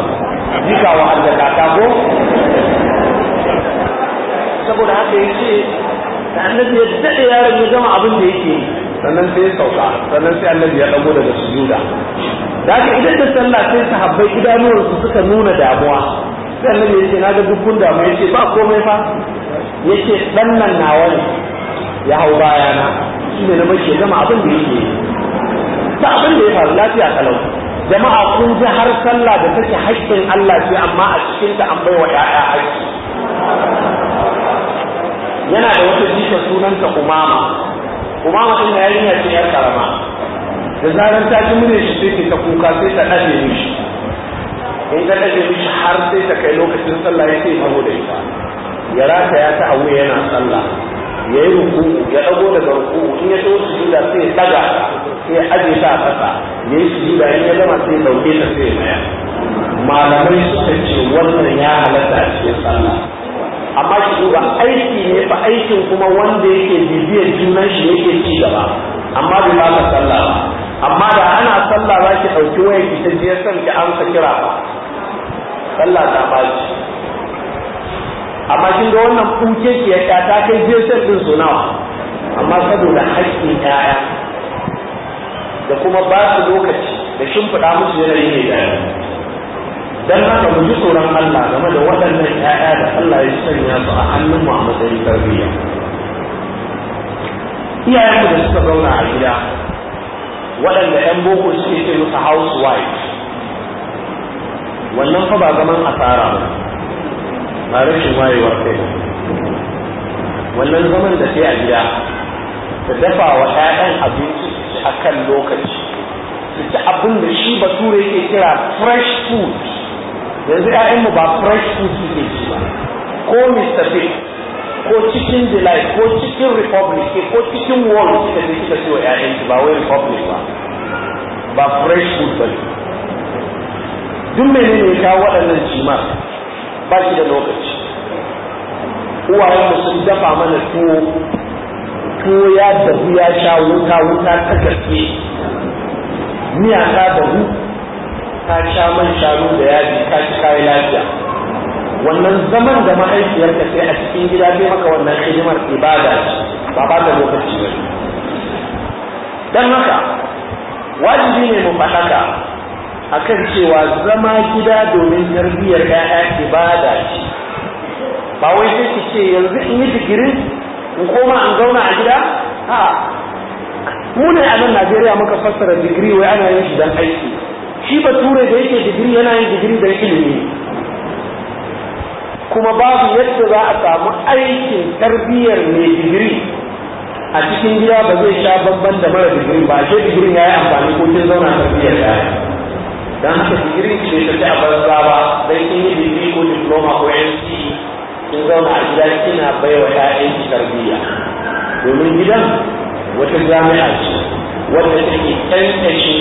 jika wa Allah ta ko saboda haka yace da annabi ya dade yaron ya zama abin da yake sannan sai ya sauka sannan sai annabi ya dago daga sujuda da haka idan da sallah sai sahabbai idanuwarsu suka nuna damuwa sai annabi ce na ga dukkan damuwa yace ba komai fa yace dan nan nawa ne ya hau bayana shi ne na bashi ya gama abin da yake yi ta abin da ya faru lafiya kalau jama'a kun ji har sallah da take haƙƙin Allah ce amma a cikin ta an bai wa ƴaƴa haƙƙi yana da wata jika sunanta umama umama din na yarinya ce yar karama da zarar ta ji mune shi sai ta kuka sai ta ɗaje mishi in ta ɗaje mishi har sai ta kai lokacin sallah yake yi maho da ita ya rataya ta a wuya yana sallah ya yi ruku ya dago daga ruku in ya tawo da sai ya daga sai ya aje ta a kasa ya yi sujuda in ya gama sai ya dauke ta sai ya maya malamai suka ce wannan ya halatta a cikin sallah amma shi duba aiki ne fa aikin kuma wanda yake bibiyar junan shi yake ci gaba amma bai ba ka sallah ba amma da ana sallah za ki ɗauki wayar ki ta je son ki amsa kira ba sallah ta ba amma shi ga wannan kuke ke ya ta kai jesar din su nawa amma saboda haƙƙin ƴaƴa da kuma ba su lokaci da shimfiɗa musu yanayi ne da dan haka mu ji tsoron Allah game da waɗannan ƴaƴa da Allah ya sanya su a hannun mu a matsayin tarbiyya iyayenmu da suka zauna a gida waɗanda 'yan boko suke ce musu housewife wannan fa ba zaman asara ba ba rashin wayewar kai wannan zaman da sai a gida ta dafa wa 'ya'yan abinci a kan lokaci su ci abin da shi bature yake kira fresh food yanzu 'ya'yanmu ba fresh food suke ci ba ko mr big ko cikin delight ko cikin republic ko cikin world suka ce suka ce wa 'ya'yansu ba wai republic ba ba fresh food ba ne. duk menene ya kawo waɗannan cimar ba shi da lokaci da sun dafa mana tuwo tuwo ya dahu ya sha wuta wuta ta karfe miya ta dahu ta sha man shanu da yaji ta ci kayi lafiya wannan zaman da mahaifiyarka sai a cikin gida sai maka wannan hidimar ibada ba ba da lokaci ba don haka wajibi ne mu faɗaka akan cewa zama gida domin tarbiyyar ƴaƴa ibada ce ba wai sai ki ce yanzu in yi digiri in koma an zauna a gida Ha, mu ne a nan Najeriya muka fassara digiri wai ana yin shi dan aiki shi bature da yake digiri yana yin digiri da ilimi kuma babu yadda za a samu aikin tarbiyyar mai digiri a cikin gida ba zai sha babban da mara digiri ba a ce digirin ya yi amfani ko ke zauna tarbiyyar ya dan haka digiri ce ta ci a banza ba sai kin yi digiri ko diploma ko NC kin zauna a gida kina bai wa ƴaƴan ki tarbiyya domin gidan wata jami'a ce wanda take tantance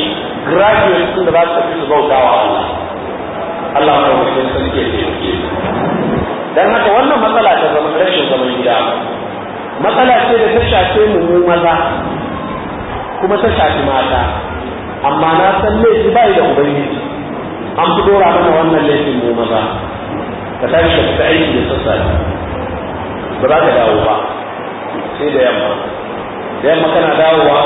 graduate sun da ba su tafi su bautawa Allah Allah ya wuce sarki ya ce dan haka wannan matsala ta zama rashin zaman gida matsala ce da ta shafe mu mu maza kuma ta shafi mata amma na san laifi bai da ubangiji an fi dora mana wannan laifin mu maza ka tashi ka fita aiki da sassafe ba za ka dawo ba sai da yamma da yamma kana dawowa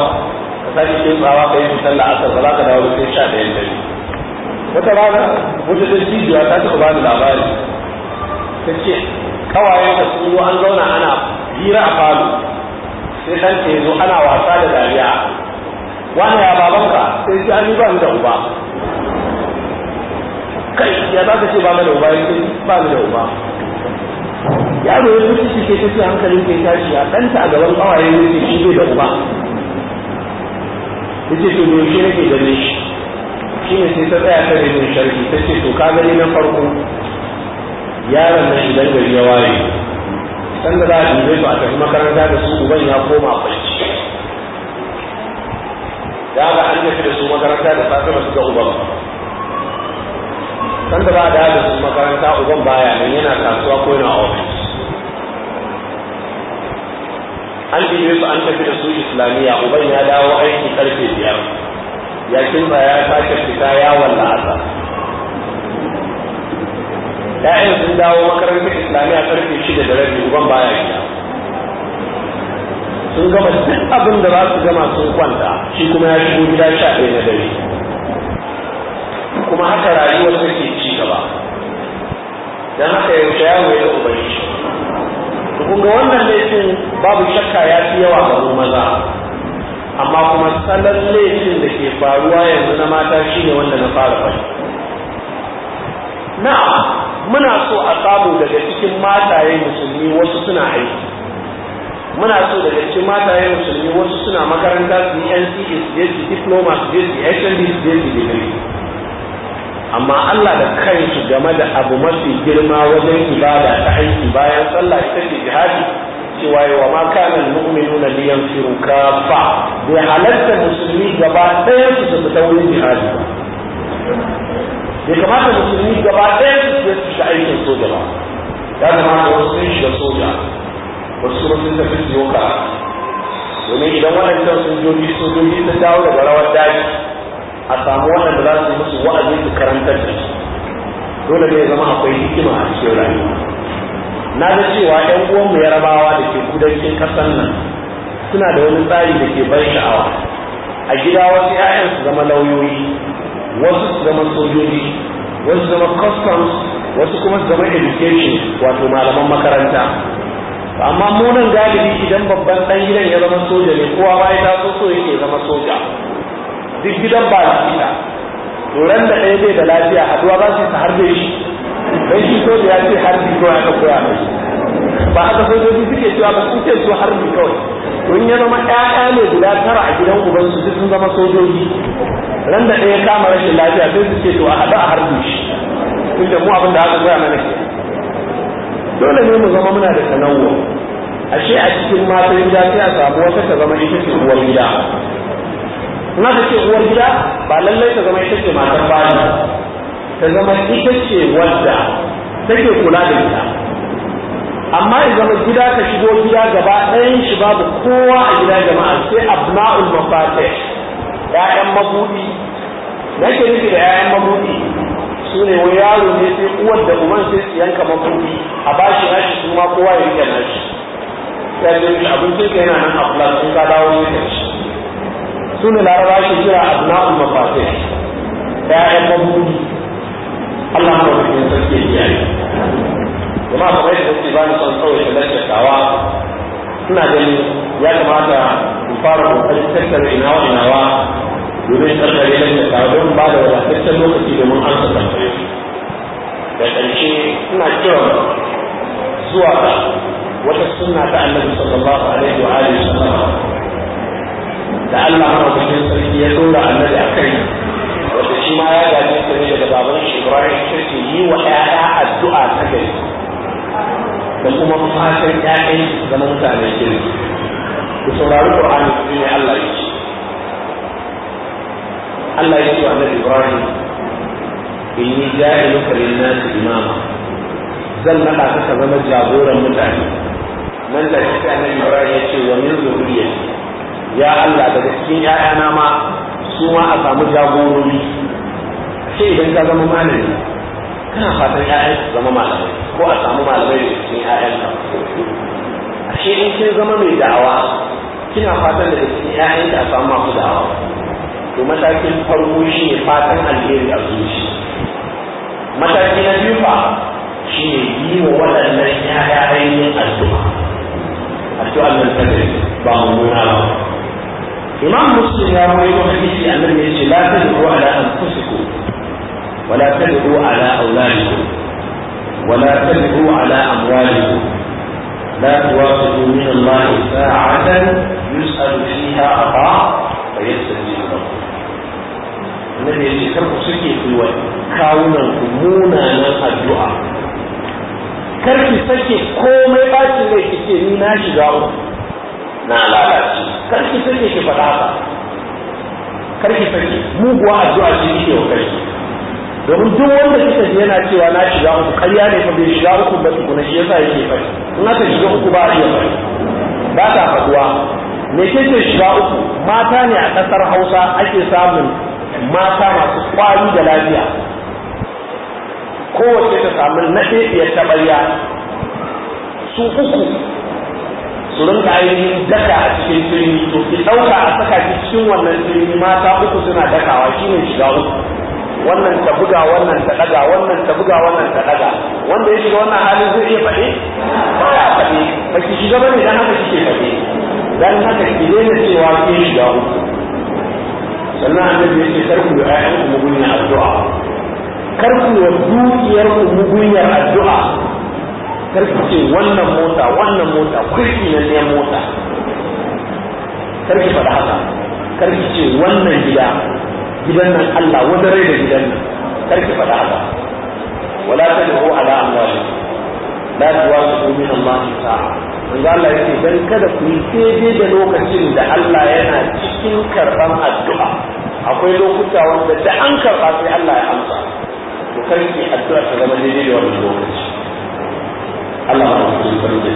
ka sake tsawa ka yi fitar asar ba za ka dawo sai sha ɗayan dare wata rana wata dattijuwa ta taɓa bani labari ta ce kawayen ka sun zo an zauna ana hira a falo sai ɗan ya zo ana wasa da dariya wani ya babanka sai ce an ba mu da uba kai ya za ka ce ba da uba ya ce ba da uba yaro ya fi shi ke tafi hankalin ke tashi a kanta a gaban ƙawaye ne ke shi da uba ya ce to ne nake gane shi shi ne sai ta tsaya ta mai sharki ta ce to ka gani na farko yaron na shi gari ya waye sanda za a dube su a tafi makaranta da su uban ya koma kwanci ya ga an tafi da su makaranta da safe ba su ga uban san da ba da da su makaranta uban baya nan yana kasuwa ko yana ofis an yi su an tafi da su islamiyya uban ya dawo aiki karfe biyar ya kimba ya sake fita walla asa ya'yan sun dawo makarantar islamiyya karfe shida da rabi uban baya gida sun gama duk abin da za su gama sun kwanta shi kuma ya shigo gida sha ɗaya na dare kuma haka rayuwar ke ci gaba don haka yaushe yawo ya ubari shi kun ga wannan laifin babu shakka ya fi yawa ga mu maza amma kuma salon laifin da ke faruwa yanzu na mata shi ne wanda na fara fashi na muna so a samu daga cikin mataye musulmi wasu suna aiki muna so daga cikin mataye musulmi wasu suna makaranta su yi NCA su je su diploma su je su HND su je su degree amma Allah da kanshi game da abu mafi girma wajen ibada ta aiki bayan sallah ita ce jihadi cewa wa ma na liyan firu ka kafa bai halatta musulmi gaba ɗaya su su fita wurin jihadi bai kamata musulmi gaba ɗaya su je su shiga aikin soja ba ya kamata wasu sun shiga soja wasu sun tafi su yoka domin idan waɗancan sun sojoji sun dawo daga rawar daji a samu waɗanda za su musu wa'azi su karantar da su dole ne zama akwai hikima a cikin rayuwa na ga cewa 'yan uwanmu yarabawa da ke kudancin ƙasar nan suna da wani tsari da ke ban sha'awa a gida wasu 'ya'yan su zama lauyoyi wasu su zama sojoji wasu zama customs wasu kuma su zama education wato malaman makaranta amma mu nan galibi idan babban dan gidan ya zama soja ne kowa ba ya taso so yake zama soja duk gidan ba lafiya to ran da ɗaya bai da lafiya haduwa ba su ta harbe shi dan shi soja ya ce harbi ko ya ya mai ba haka sojoji suke cewa ba su ce su harbi kawai to ya zama ƴaƴa ne guda tara a gidan ubansu duk sun zama sojoji ran da ɗaya kama rashin lafiya sai su ce to a haɗu a harbe shi tunda mu abin da aka koya mana ke dole ne mu zama muna da sanarwa ashe a cikin matan gida sai a samu wata ta zama ita ce uwar gida na da ce uwar gida ba lallai ta zama ita ce matar bani ta zama ita ce wadda take kula da gida amma in zama gida ka shigo gida gaba ɗayan shi babu kowa a gida jama'a sai abna'ul mafatih ya'yan mabudi nake nufi da ya'yan mabudi Sune ne wai yaro ne sai uwar da uban sai siyan yanka makuɗi a bashi nashi su ma kowa ya rike nashi sai da yake abin ka yana nan a kula sun ka dawo ne da shi su ne laraba shi kira abna'ul mafasih ya'yan mabuɗi Allah ma wani yin sarki ya yi kuma kamar yadda kuke ba ni son kawai lashe kawa ina ganin ya kamata in fara kokarin tattara ina wa domin tsarkare nan da taron ba da wadataccen lokaci domin an sa tambayoyi da ƙarshe suna kiran zuwa ga wata suna ta annabi sallallahu alaihi wa alihi wasallam da Allah madaukakin sarki ya dora annabi a kai wanda shi ma ya gaje ta ne daga baban shi Ibrahim kirki yi wa ƴaƴa addu'a ta gari da kuma fatan ƴaƴan su zama mutane kirki ku saurari Qur'ani ne Allah ya ce Allah ya ce annabi Ibrahim inni ja'ilu lin-nas imama zan nada ka zama jagoran mutane nan da shi annabi Ibrahim ya ce wa min zuriya ya Allah daga cikin ƴaƴana ma su ma a samu jagorori sai idan ka zama malami kana fatan ƴaƴan su zama malamai ko a samu malamai da cikin ƴaƴan ka ashe in kin zama mai da'awa kina fatan daga cikin ƴaƴan ka a samu masu da'awa to matakin farko shi ne fatan alheri a zuci mataki na biyu fa shi ne yi wa waɗannan yaya ainihin addu'a addu'a nan ta gari ba nuna ba imam muslim ya rawaito hadisi annabi ya ce la tad'u ala anfusikum wa la tad'u ala auladikum wa la tad'u ala amwalikum لا تواخذ من الله ساعة يسأل فيها أطاع فيستجيب لكم النبي يجي كم سكي في الوقت كاونا كمونا الدعاء karki sake komai bacin rai kike ni na shiga uku na lalace karki sake ki faɗa ka karki sake muguwa addu'a ce kike wa karki domin duk wanda kika ji yana cewa na shiga uku karya ne kuma bai shiga uku ba tukuna shi yasa yake fari in aka shiga uku ba a iya ba ta faɗuwa me ke ce shiga uku mata ne a kasar Hausa ake samun mata masu kwari da lafiya kowace ta samu ta ɓarya su uku su rinka ainihin daka a cikin turmi to ki ɗauka a saka cikin wannan turmi mata uku suna dakawa shine shiga uku wannan ta buga wannan ta daga wannan ta buga wannan ta daga wanda ya shiga wannan halin zai iya faɗe ba ya faɗe ba ki shiga bane dan haka kike faɗe dan haka ki ne cewa ke shiga ku sannan annabi ya ce kar ku yi ayyan ku mugunyar addu'a kar ku yi dukiyar ku mugunyar addu'a kar ku ce wannan mota wannan mota kurki na ne mota kar ki faɗa haka kar ki ce wannan gida gidan nan Allah wani rai da gidan nan karki faɗa haka wala ta da ala amwali la tuwa su min Allah sa'a manzo Allah yake dan kada ku yi sai da lokacin da Allah yana cikin karban addu'a akwai lokuta wanda da an karba sai Allah ya amsa to karki addu'a ta zama daidai da wannan lokaci Allah ya mutu da ke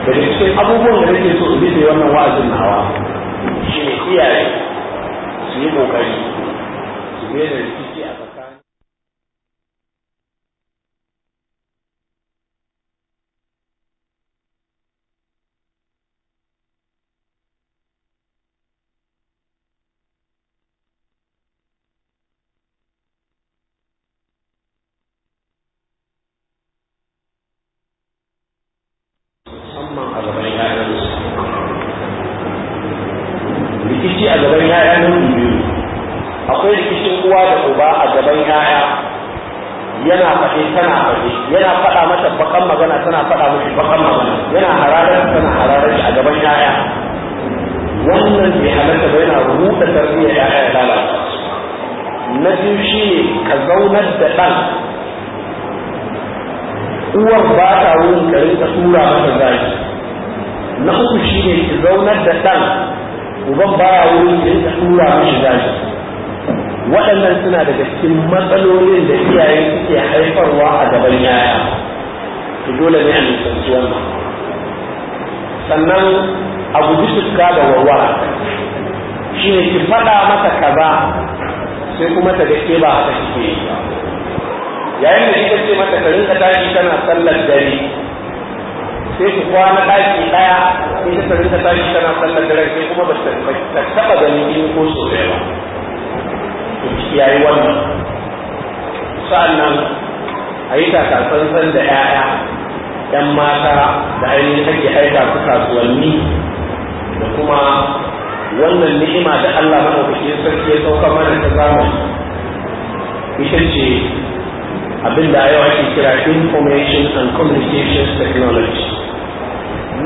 daga cikin abubuwan da nake so in bi da wannan wa'azin nawa shi ne iyaye su yi kokari su daina rikici a tsakanin rikici a gaban akwai rikicin uwa da uba a gaban yaya yana faɗe tana faɗe yana faɗa mata bakan magana tana faɗa mata bakan magana yana hararar tana hararar a gaban yaya wannan ne halarta ba yana rubuta tarbiya yaya ya lalata na biyu shi ne ka zaunar da ɗan uwar ba ta wurin ka rinka tura masa zaki na uku shi ne ki zaunar da ɗan uban ba ya wurin ka rinka tura mata zaki waɗannan suna daga cikin matsalolin da iyaye suke haifarwa a gaban yaya to dole ne a nisanci wannan sannan a guji tuska da warwa shi ne ki faɗa mata kaza sai kuma ta gaske ba haka kike yayin da ita ce mata ka tashi tana sallar dare sai ku kwana ɗaki ɗaya ita karin ka tashi tana sallar dare sai kuma ba ta taɓa ganin ko sosai ba yayi yi wannan sa'annan a yi takasansan da 'ya'ya 'yan mata da ainihin ake aika su kasuwanni da kuma wannan ni'ima da Allah na maɗaukaki sarki ya sauka mana ta zamani ita ce abin da yau ake kira information and communications technology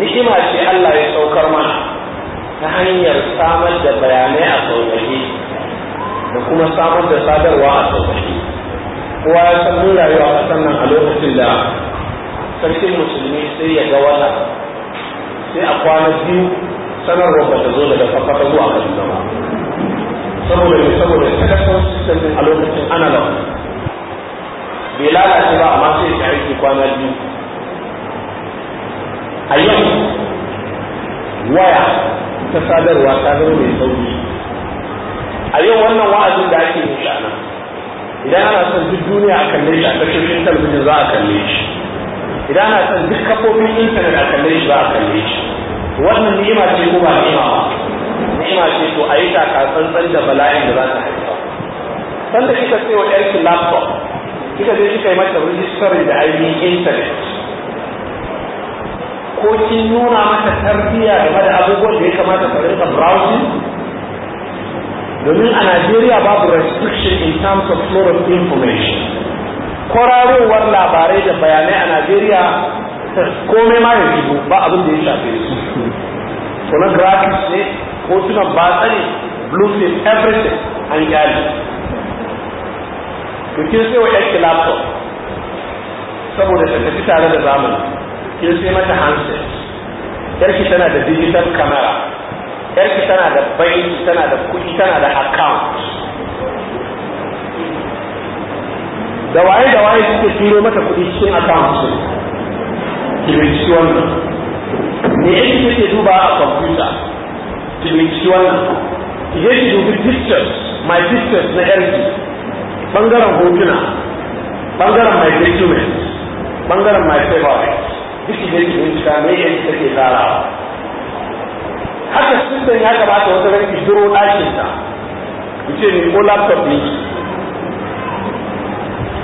ni'ima ce Allah ya saukar mana ta hanyar samar da bayanai a sauƙaƙe da kuma samar da sadarwa a sauƙaƙe kowa ya san mun rayuwa a sannan a lokacin da sarkin musulmi sai ya ga wata sai a kwana biyu sanarwar ba ta zo daga ta zuwa kan ba saboda ne saboda sakasar system din a lokacin analog bai lalace ba amma sai ya aiki kwana biyu a yau waya ta sadarwa ta zama mai sauki a yau wannan wa'azin da ake yi shana idan ana son duk duniya a kalle shi a tashoshin talabijin za a kalle shi idan ana son duk kafofin intanet a kalle shi za a kalle shi wannan ni'ima ce ko ba ni'ima ba ni'ima ce to a yi taka tsantsan da bala'in da za ta haifa sanda kika sai wa yarki laptop kika je kika yi mata rijistar da ainihin intanet ko kin nuna mata tarbiyya game da abubuwan da ya kamata ka rinka browsing domin a Najeriya babu restriction in terms of flow of information kwararowar labarai da bayanai a Najeriya komai ma ya shigo ba abin da ya shafe su graphics ne hotunan ba ne blueprint everything an gyali Kukin sai wa yanki laptop saboda ta tafi tare da zamani kin sai mata handset yarki tana da digital camera yarki tana da bai tana da kuɗi tana da account da waye da waye kuke turo mata kuɗi cikin account su ki binciki wannan me yake ke duba a computer ki wannan ki dubi pictures my pictures na yarki bangaren hotuna bangaren my documents bangaren my favorite duk ki je ki me yake kike tsarawa sistan ya kamata wata ran ki shiro ɗakin ta ce ni ko laptop ne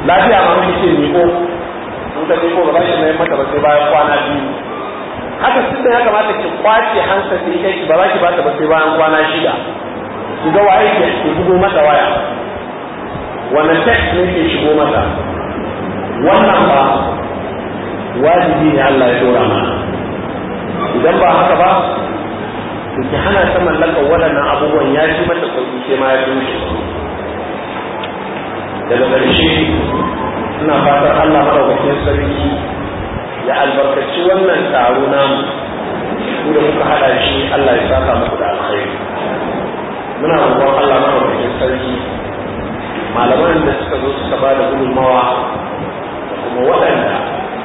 lafiya ma mun ce ni ko mun ta ne ko ba shi mai mata ba sai bayan kwana biyu haka sistan ya kamata ki kwace hansa sai kai ki ba za ki ba ta ba sai bayan kwana shida ki ga waye ke ki bugo mata waya wannan text ne ke shigo mata wannan ba wajibi ne Allah ya dora mana idan ba haka ba to ki hana ta mallakar waɗannan abubuwan ya ci mata sauki sai ma ya ci daga ƙarshe suna fatan Allah madaukakin sarki ya albarkaci wannan taro namu ku da kuka haɗa shi Allah ya saka muku da alkhairi muna roƙon Allah madaukakin sarki malaman da suka zo suka ba da gudunmawa da kuma waɗanda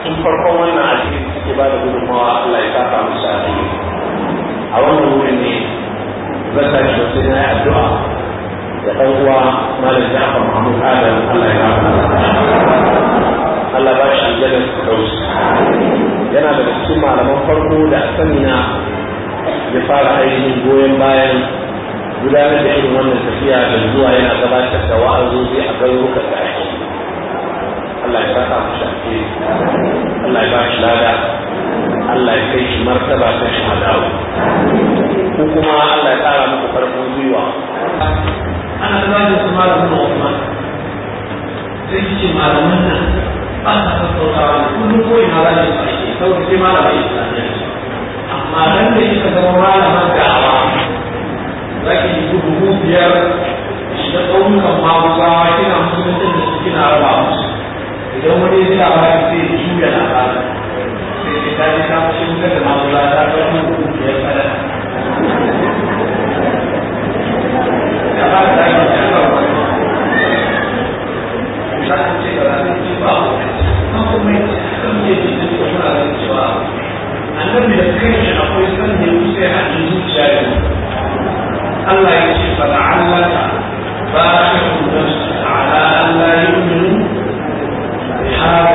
tun farkon wannan asiri suke ba da gudunmawa Allah ya saka musu alkhairi a wannan wurin ne zan shi sai na addu'a da ɗan uwa malam Ja'far Muhammad Adam Allah ya Allah ba shi jalan Firdaus yana da cikin malaman farko da sanina ya fara ainihin goyon bayan gudanar da irin wannan tafiya da zuwa yana gabatar da wa'azozi a garurukan da ake Allah ya mu Allah ya ba shi lada Allah ya kai shi martaba ta shahadawa ko kuma Allah ya tsara muku farkon zuwa ana tsara su malamin Usman sai shi ce malamin nan ba sa sassautawa ne kullum ko ina za shi fashe saboda sai malamin Islamiyya amma nan da shi ka zama malamin da'awa za ki yi dubu biyar da ƙauyukan maguzawa kina musulunci da su kina raba musu idan wani ya ji labarin sai ya juya labarin ka ji ka fashe muka da maula ta ba mu ya fara da ba da shi da ba ba ta ce da shi ba ko kuma kan je ji da kuma da cewa annabi da kanshi akwai san da yake a zuciya ne Allah ya ce fa la'allaka ba ta kun da ala Allah yu'minu bi hada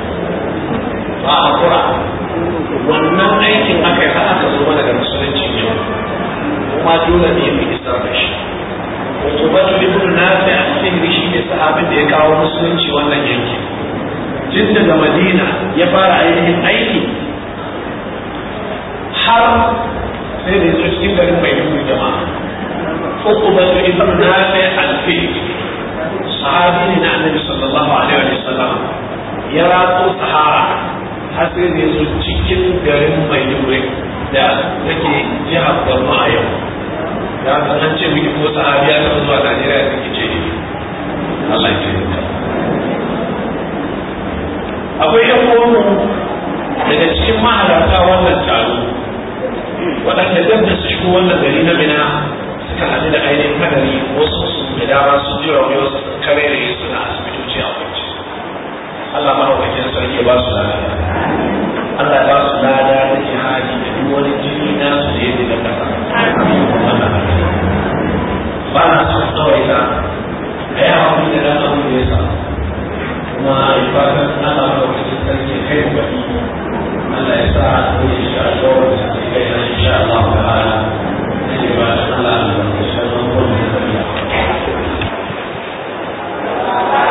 ba a kura wannan aikin aka yi har aka zuwa daga musulunci ne kuma dole ne ya fi isar da shi wato batu na sai a cikin rishi ne abin da ya kawo musulunci wannan yankin tun daga madina ya fara ainihin aiki har sai da su cikin garin mai dubu jama'a uku batu na nafi al-fil sahabi ne na annabi sallallahu alaihi wa sallam ya ratso sahara har ne su cikin garin maiduguri da take jihar borno a yau da an ce miki ko ya ta zuwa najeriya da ce ne allah ce akwai yan uwanmu daga cikin mahalarta wannan taro waɗanda ɗan da su shigo wannan gari na mina suka haɗu da ainihin kadari wasu su da dama sun ji rauni wasu karere suna asibiti Allah madaukakin sarki ya ba su lada Allah ya ba su lada na jihadi da duk wani jini na su da yadda na kasa ba na son kawai na a yi hawa da na abu da ya sa kuma ya fata Allah madaukakin sarki ya kai mu baki Allah ya sa a tsoye shi a shawar da su kai na insha Allah ta'ala sai ba Allah ya ba su lada da shi a shawar da su kai na insha Allah ta'ala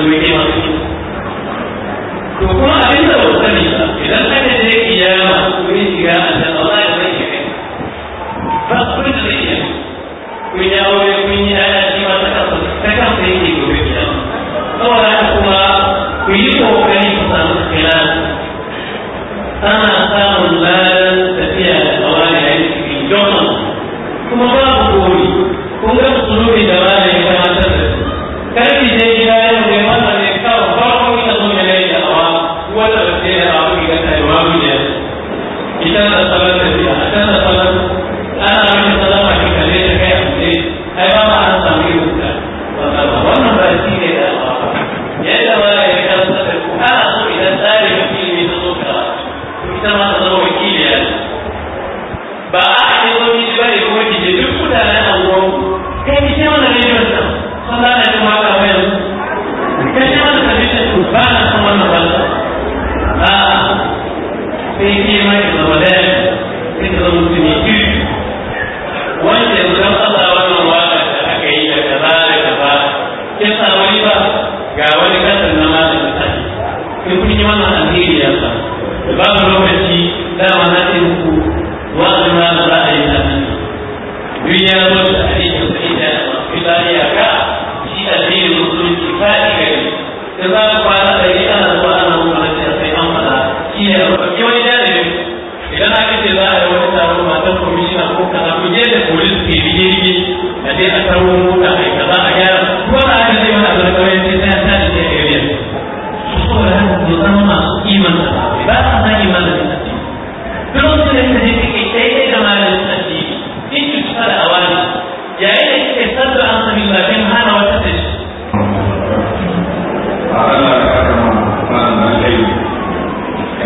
zo ya kai masu kuma abin da ba sani ba idan an yi da kiyama wurin shiga a san Allah ya zai shiga ba ku da zai shiga kun yi aure kun yi ana shi ma ta kansa ta kansa yake gobe kiyama saboda haka kuma ku yi kokari ku samu kila ana samun ladan tafiya da kawai yayin cikin jona kuma babu kori kun ga musulmi da ma da ya kamata da su karfi dai ya yi كتاب الصلاة الذي أحسن الصلاة أنا أعمل صلاة في كلية كي أعمل أي ما معنى صغير وكذا وأنا بأسيني إلى الآخر يلا ولا يكاد صدق أنا أصل إلى الثالث في ميزوك كتاب أصل وكيل يعني بأحسن من جبال يقول جديد كل أنا أمور كيف يسمون الرجل صلاة الجمعة وين كيف يسمون الرجل بعد أن صلى الله عليه وسلم sai ke ma ke zama daya sai ta zama mutum ya kiri wanda yanzu an Allah wannan wata da aka yi da kaza da kaza ya sa wani ba ga wani kasan na ma da misali sai kun yi mana alheri ya sa da babu lokaci dama na ce muku wa'azin ma da za a yi na duniya zo da alheri sai da ka shi alheri musulunci fa'i gari da za ku kwana da ana zuwa ana zuwa iya da roƙi wani dalibin idan aka ce za a yi wani taro matan komishina ko kaza ku je da polis ke bige bige a je a taro mota a yi kaza a gyara kuma ba aka ce wani abu da kawai sai ta ta da ke area saboda haka ku zama masu iman da ba sa san iman da sassi duk wasu da kaje kake daidai da malam sassi in ki fita da awali yayin da kike sabba an sami lafiyar hana wata da shi